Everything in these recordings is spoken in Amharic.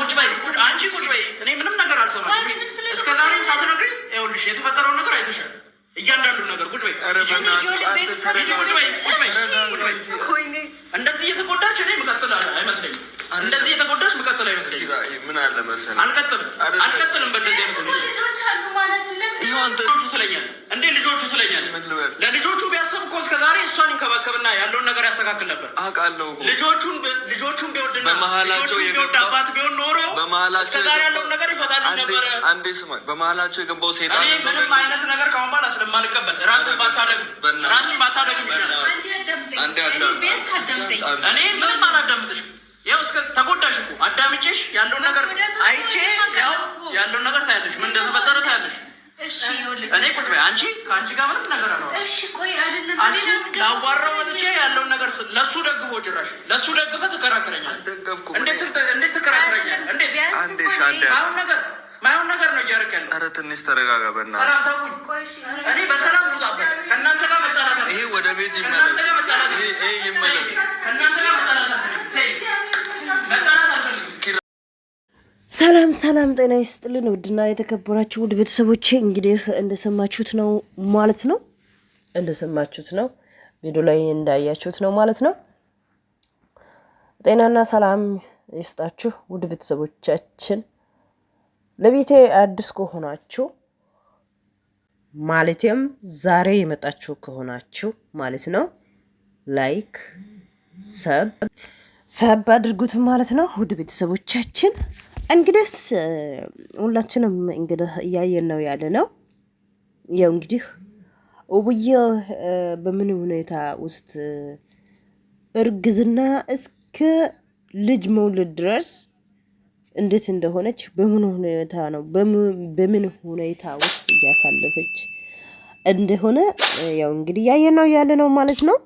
ቁጭ በይ ቁጭ አንቺ ቁጭ በይ፣ እኔ ምንም ነገር አልሰማሽም። እስከ ዛሬም ሳትነግሪኝ ይኸውልሽ የተፈጠረውን ነገር አይተሻል። እያንዳንዱ ነገር ቁጭ በይ፣ እንደዚህ እየተጎዳች እኔ ምቀጥል አይመስለኝም። እንደዚህ እየተጎዳች ምቀጥል አይመስለኝም። አልቀጥልም፣ አልቀጥልም በእንደዚህ አይነት ትለኛለህ እንዴ ልጆቹ ትለኛል። ለልጆቹ ቢያስብ እኮ እስከ ዛሬ እሷን ይንከባከብና ያለውን ነገር ያስተካክል ነበር። አውቃለሁ ልጆቹን ልጆቹን ቢወድና ልጆቹን ቢወድ አባት ቢሆን ኖሮ እስከ ዛሬ ያለውን ነገር ይፈታል ነበረ። አንዴ ስማ፣ በመሀላቸው የገባው ሴጣን እኔ ምንም አይነት ነገር ከአሁን በኋላ ስለማልቀበል ራስን ባታደግም ራስን ባታደግም ይሻላል። አንዴ አዳምጠኝ። እኔ ምንም አላዳምጥሽ። ያው እስከ ተጎዳሽ እኮ አንቺ ጋር ምንም ነገር አለ። እሺ ቆይ አይደለም ላዋራው መጥቼ ያለውን ነገር ለሱ ደግፎ ጭራሽ ለሱ ደግፈ ትከራከረኛል። ነገር ነገር ነው እያደረግ ያለው። ኧረ ትንሽ ተረጋጋ። ሰላም እኔ በሰላም ከእናንተ ጋር መጣላት ይሄ ወደ ቤት ይመለስ። ይሄ ይመለስ ከእናንተ ጋር ሰላም ሰላም፣ ጤና ይስጥልን ውድና የተከበራችሁ ውድ ቤተሰቦቼ፣ እንግዲህ እንደሰማችሁት ነው ማለት ነው። እንደሰማችሁት ነው ቪዲዮ ላይ እንዳያችሁት ነው ማለት ነው። ጤናና ሰላም ይስጣችሁ ውድ ቤተሰቦቻችን። ለቤቴ አዲስ ከሆናችሁ ማለትም ዛሬ የመጣችሁ ከሆናችሁ ማለት ነው ላይክ ሰብ ሰብ አድርጉት ማለት ነው ውድ ቤተሰቦቻችን እንግዲህ ሁላችንም እንግዲህ እያየን ነው ያለ ነው። ያው እንግዲህ ውብዬ በምን ሁኔታ ውስጥ እርግዝና እስከ ልጅ መውለድ ድረስ እንዴት እንደሆነች በምን ሁኔታ ነው በምን ሁኔታ ውስጥ እያሳለፈች እንደሆነ ያው እንግዲህ እያየን ነው ያለ ነው ማለት ነው።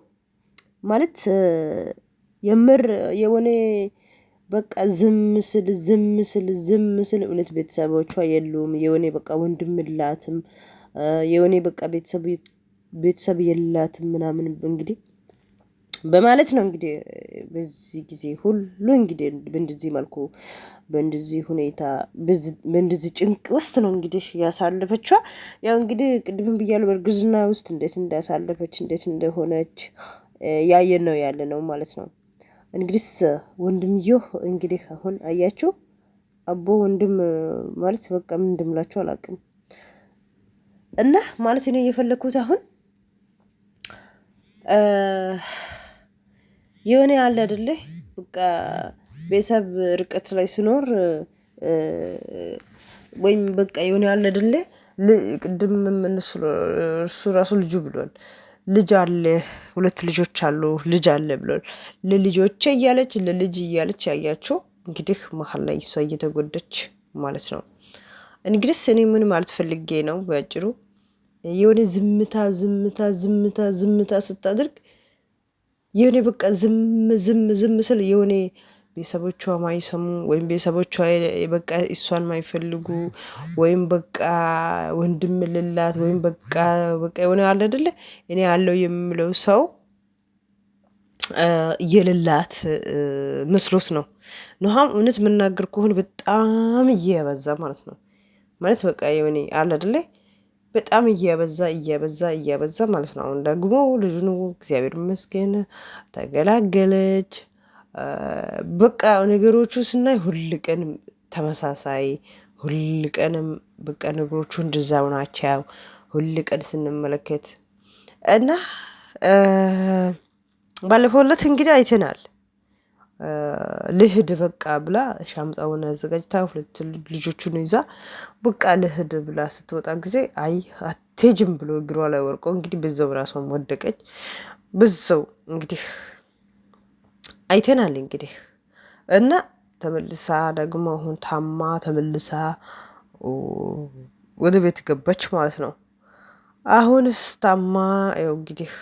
ማለት የምር የሆነ በቃ ዝም ስል ዝም ስል ዝም ስል እውነት ቤተሰቦቿ የሉም። የሆኔ በቃ ወንድም የላትም። የሆኔ በቃ ቤተሰብ የላትም ምናምን እንግዲህ በማለት ነው እንግዲህ በዚህ ጊዜ ሁሉ እንግዲህ በእንደዚህ መልኩ በእንደዚህ ሁኔታ በእንደዚህ ጭንቅ ውስጥ ነው እንግዲህ ያሳለፈችዋ። ያው እንግዲህ ቅድምም ብያለሁ በእርግዝና ውስጥ እንዴት እንዳሳለፈች እንዴት እንደሆነች ያየን ነው ያለ ነው ማለት ነው። እንግዲህ ወንድምየው እንግዲህ አሁን አያችሁ አቦ ወንድም ማለት በቃ ምን እንደምላችሁ አላውቅም። እና ማለት ነው የፈለኩት አሁን የሆነ ያለ አይደለ በቃ ቤተሰብ ርቀት ላይ ስኖር ወይም በቃ የሆነ ያለ አይደለ ቅድምም እነሱ ራሱ ልጁ ብሏል። ልጅ አለ ሁለት ልጆች አሉ ልጅ አለ ብሎ ለልጆቼ እያለች ለልጅ እያለች ያያችሁ እንግዲህ መሀል ላይ እሷ እየተጎደች ማለት ነው። እንግዲህ እኔ ምን ማለት ፈልጌ ነው በአጭሩ የሆነ ዝምታ ዝምታ ዝምታ ዝምታ ስታደርግ የሆነ በቃ ዝም ዝም ዝም ስል የሆኔ ቤተሰቦቿ ማይሰሙ ወይም ቤተሰቦቿ በቃ እሷን ማይፈልጉ ወይም በቃ ወንድም ልላት ወይም በቃ በቃ የሆነ አለ አይደለ እኔ ያለው የምለው ሰው የልላት መስሎት ነው። ኑሃም እውነት የምናገር ከሆን በጣም እየበዛ ማለት ነው ማለት በቃ የሆነ አለ አይደለ በጣም እያበዛ እያበዛ እያበዛ ማለት ነው። አሁን ደግሞ ልጁን እግዚአብሔር ይመስገን ተገላገለች። በቃ ነገሮቹ ስናይ ሁል ቀንም ተመሳሳይ ሁል ቀንም በቃ ነገሮቹ እንደዛው ናቸው። ሁል ቀን ስንመለከት እና ባለፈው ዕለት እንግዲህ አይተናል። ልህድ በቃ ብላ ሻምጣውን አዘጋጅታ ሁለት ልጆቹን ይዛ በቃ ልህድ ብላ ስትወጣ ጊዜ አይ አትሄጂም ብሎ እግሯ ላይ ወርቆ እንግዲህ በዛው ራሷን ወደቀች። በዛው እንግዲህ አይተናል እንግዲህ እና ተመልሳ ደግሞ አሁን ታማ ተመልሳ ወደ ቤት ገባች ማለት ነው። አሁንስ ታማ ያው እንግዲህ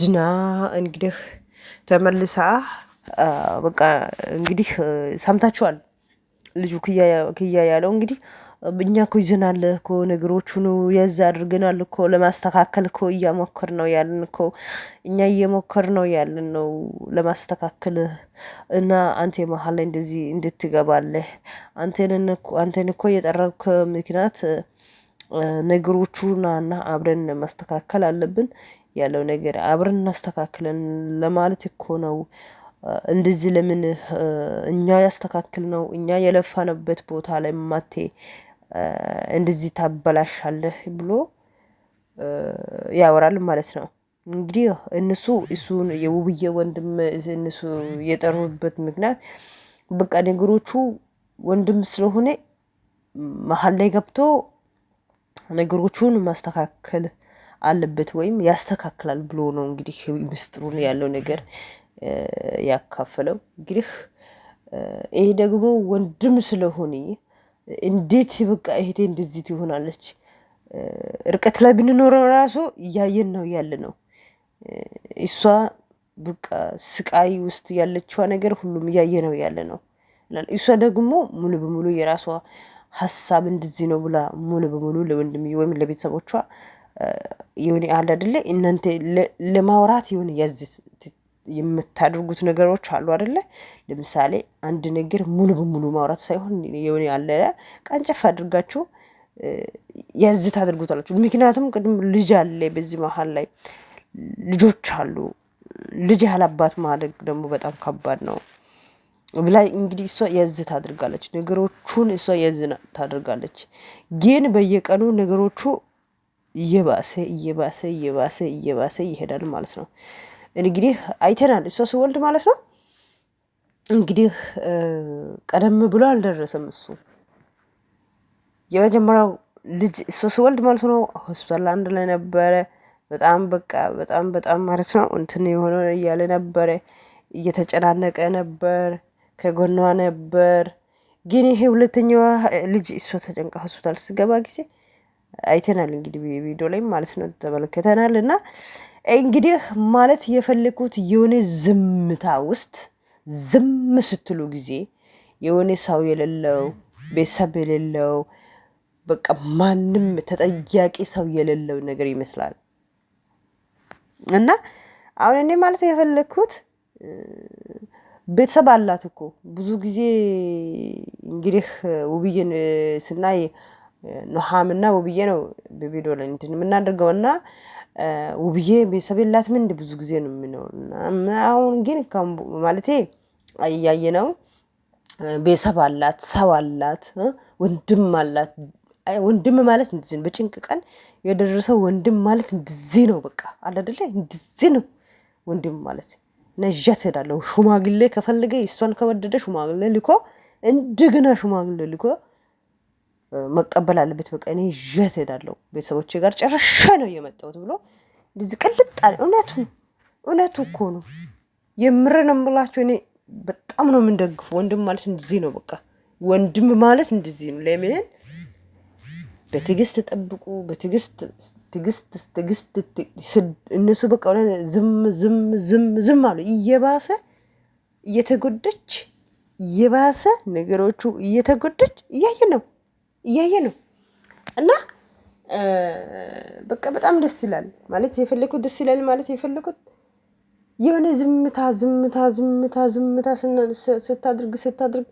ድና እንግዲህ ተመልሳ በቃ እንግዲህ ሰምታችኋል። ልጁ ክያ ያለው እንግዲህ እኛ እኮ ይዘናል እኮ ነገሮቹን የዛ አድርገናል እኮ ለማስተካከል እኮ እያሞከር ነው ያለን እኮ እኛ እየሞከር ነው ያለን ነው ለማስተካከል እና አንተ መሀል ላይ እንደዚህ እንድትገባለህ አንተን እኮ የጠራክ ምክንያት ነገሮቹና እና አብረን ማስተካከል አለብን ያለው ነገር አብረን እናስተካክለን ለማለት እኮ ነው። እንደዚህ ለምን እኛ ያስተካክል ነው እኛ የለፋንበት ቦታ ላይ ማቴ እንደዚህ ታበላሻለህ ብሎ ያወራል ማለት ነው። እንግዲህ እነሱ እሱን የውብዬ ወንድም እነሱ የጠሩበት ምክንያት በቃ ነገሮቹ ወንድም ስለሆነ መሀል ላይ ገብቶ ነገሮቹን ማስተካከል አለበት ወይም ያስተካክላል ብሎ ነው እንግዲህ ምስጢሩን ያለው ነገር ያካፈለው። እንግዲህ ይሄ ደግሞ ወንድም ስለሆነ እንዴት በቃ እህቴ እንደዚህ ትሆናለች? እርቀት ላይ ብንኖረው ራሱ እያየን ነው ያለ ነው። እሷ በቃ ስቃይ ውስጥ ያለችዋ ነገር ሁሉም እያየ ነው ያለ ነው። እሷ ደግሞ ሙሉ በሙሉ የራሷ ሀሳብ እንደዚህ ነው ብላ ሙሉ በሙሉ ለወንድም ወይም ለቤተሰቦቿ የሆነ አለ አይደለ እናንተ ለማውራት የሆነ ያዝ የምታደርጉት ነገሮች አሉ አደለ? ለምሳሌ አንድ ነገር ሙሉ በሙሉ ማውራት ሳይሆን የሆነ ያለ ቀንጨፍ አድርጋችሁ ያዝ ታደርጉታላችሁ። ምክንያቱም ቅድም ልጅ አለ በዚህ መሀል ላይ ልጆች አሉ። ልጅ ያላባት ማድረግ ደግሞ በጣም ከባድ ነው ብላ እንግዲህ እሷ የዝ ታደርጋለች፣ ነገሮቹን እሷ የዝ ታደርጋለች። ግን በየቀኑ ነገሮቹ እየባሰ እየባሰ እየባሰ እየባሰ ይሄዳል ማለት ነው። እንግዲህ አይተናል። እሷ ስወልድ ማለት ነው እንግዲህ ቀደም ብሎ አልደረሰም። እሱ የመጀመሪያው ልጅ እሷ ስወልድ ማለት ነው ሆስፒታል አንድ ላይ ነበረ። በጣም በቃ በጣም በጣም ማለት ነው እንትን የሆነ እያለ ነበረ፣ እየተጨናነቀ ነበር፣ ከጎኗ ነበር። ግን ይሄ ሁለተኛዋ ልጅ እሷ ተጨንቃ ሆስፒታል ስገባ ጊዜ አይተናል እንግዲህ ቪዲዮ ላይም ማለት ነው ተመለከተናል እና እንግዲህ ማለት የፈለኩት የሆነ ዝምታ ውስጥ ዝም ስትሉ ጊዜ የሆነ ሰው የሌለው ቤተሰብ የሌለው በቃ ማንም ተጠያቂ ሰው የሌለው ነገር ይመስላል። እና አሁን እኔ ማለት የፈለግኩት ቤተሰብ አላት እኮ ብዙ ጊዜ እንግዲህ ውብዬን ስናይ ኑሃምና ውብዬ ነው ቢቢዶ ላይ እንትን የምናደርገው እና ውብዬ ቤተሰብ የላትም እንደ ብዙ ጊዜ ነው የሚኖር። አሁን ግን ማለቴ እያየ ነው ቤተሰብ አላት፣ ሰው አላት፣ ወንድም አላት። ወንድም ማለት እንደዚህ ነው። በጭንቅ ቀን የደረሰው ወንድም ማለት እንደዚህ ነው። በቃ አላደለ እንደዚህ ነው ወንድም ማለት ነዣ ትሄዳለሁ። ሽማግሌ ከፈለገ እሷን ከወደደ ሽማግሌ ልኮ እንደገና ሽማግሌ ልኮ መቀበል አለበት። በቃ እኔ ይዤት እሄዳለሁ ቤተሰቦቼ ጋር ጨረሻ ነው የመጣሁት ብሎ እንደዚህ ቅልጥ አለ። እውነቱ እውነቱ እኮ ነው። የምር ነው የምላቸው። እኔ በጣም ነው የምንደግፉ ወንድም ማለት እንደዚህ ነው። በቃ ወንድም ማለት እንደዚህ ነው። ለምን በትዕግስት ጠብቁ። በትዕግስት ትዕግስት ትዕግስት እነሱ በቃ ዝም ዝም ዝም ዝም አሉ። እየባሰ እየተጎደች እየባሰ ነገሮቹ እየተጎደች እያየ ነው እያየ ነው እና በቃ በጣም ደስ ይላል ማለት የፈለግኩት ደስ ይላል ማለት የፈለግኩት የሆነ ዝምታ ዝምታ ዝምታ ዝምታ ስታድርግ ስታድርግ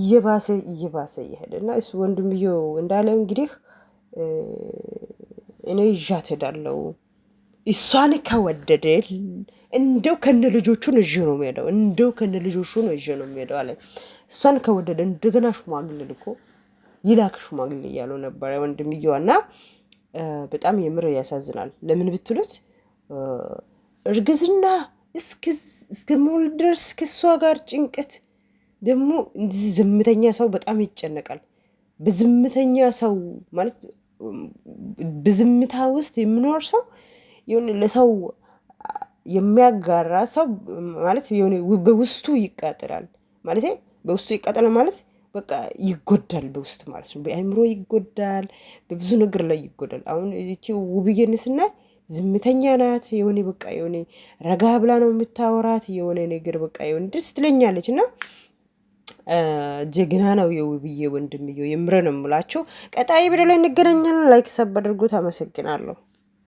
እየባሰ እየባሰ እየሄደ እና እሱ ወንድምየው እንዳለው እንግዲህ እኔ ይዣት ሄዳለሁ። እሷን ከወደደ እንደው ከነ ልጆቹን እዥ ነው የሚሄደው እንደው ከነ ልጆቹ ነው እዥ ነው የሚሄደው አለ። እሷን ከወደደ እንደገና ሽማግሌ ልኮ ይላክ ሽማግሌ እያሉ ነበረ ወንድምየዋ እና በጣም የምር ያሳዝናል። ለምን ብትሉት እርግዝና እስከምወልድ ድረስ ከእሷ ጋር ጭንቀት ደግሞ እንደዚህ ዝምተኛ ሰው በጣም ይጨነቃል። በዝምተኛ ሰው ማለት በዝምታ ውስጥ የምኖር ሰው የሆነ ለሰው የሚያጋራ ሰው ማለት የሆነ በውስጡ ይቃጠላል ማለት በውስጡ ይቃጠላል ማለት በቃ ይጎዳል፣ በውስጥ ማለት ነው። በአእምሮ ይጎዳል፣ በብዙ ነገር ላይ ይጎዳል። አሁን ይቺ ውብዬን ስናይ ዝምተኛ ናት። የሆነ በቃ የሆነ ረጋ ብላ ነው የምታወራት። የሆነ ነገር በቃ የሆነ ደስ ትለኛለች እና ጀግና ነው የውብዬ ወንድምየው። የምረ ነው የምላቸው። ቀጣይ ቪዲዮ ላይ እንገናኛለን። ላይክ ሰብ አድርጎት አመሰግናለሁ።